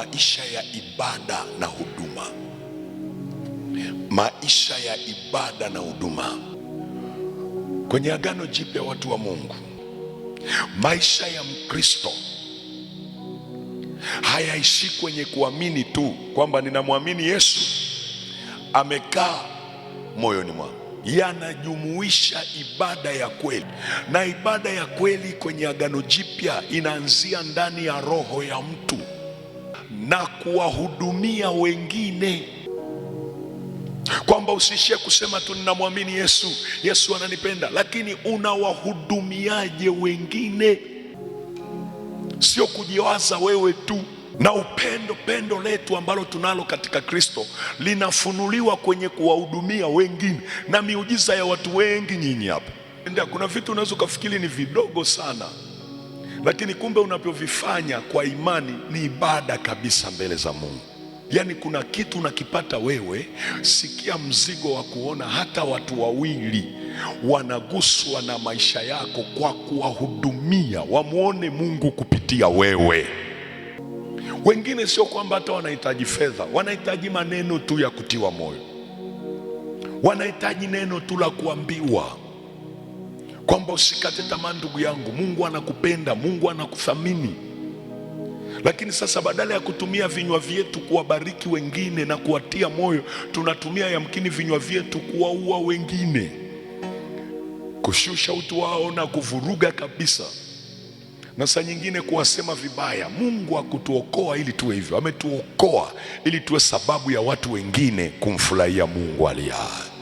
maisha ya ibada na huduma, maisha ya ibada na huduma kwenye Agano Jipya, watu wa Mungu, maisha ya Mkristo hayaishi kwenye kuamini tu kwamba ninamwamini Yesu amekaa moyoni mwangu, yanajumuisha ibada ya kweli, na ibada ya kweli kwenye Agano Jipya inaanzia ndani ya roho ya mtu na kuwahudumia wengine, kwamba usiishie kusema tu ninamwamini Yesu, Yesu ananipenda, lakini unawahudumiaje wengine? Sio kujiwaza wewe tu na upendo pendo letu ambalo tunalo katika Kristo linafunuliwa kwenye kuwahudumia wengine na miujiza ya watu wengi. Nyinyi hapa, kuna vitu unaweza ukafikiri ni vidogo sana lakini kumbe unavyovifanya kwa imani ni ibada kabisa mbele za Mungu. Yaani kuna kitu unakipata wewe. Sikia mzigo wa kuona hata watu wawili wanaguswa na maisha yako kwa kuwahudumia, wamwone Mungu kupitia wewe. Wengine sio kwamba hata wanahitaji fedha, wanahitaji maneno tu ya kutiwa moyo, wanahitaji neno tu la kuambiwa kwamba usikate tamaa, ndugu yangu. Mungu anakupenda, Mungu anakuthamini. Lakini sasa badala ya kutumia vinywa vyetu kuwabariki wengine na kuwatia moyo, tunatumia yamkini vinywa vyetu kuwaua wengine, kushusha utu wao na kuvuruga kabisa, na saa nyingine kuwasema vibaya. Mungu hakutuokoa ili tuwe hivyo, ametuokoa ili tuwe sababu ya watu wengine kumfurahia Mungu aliye hai.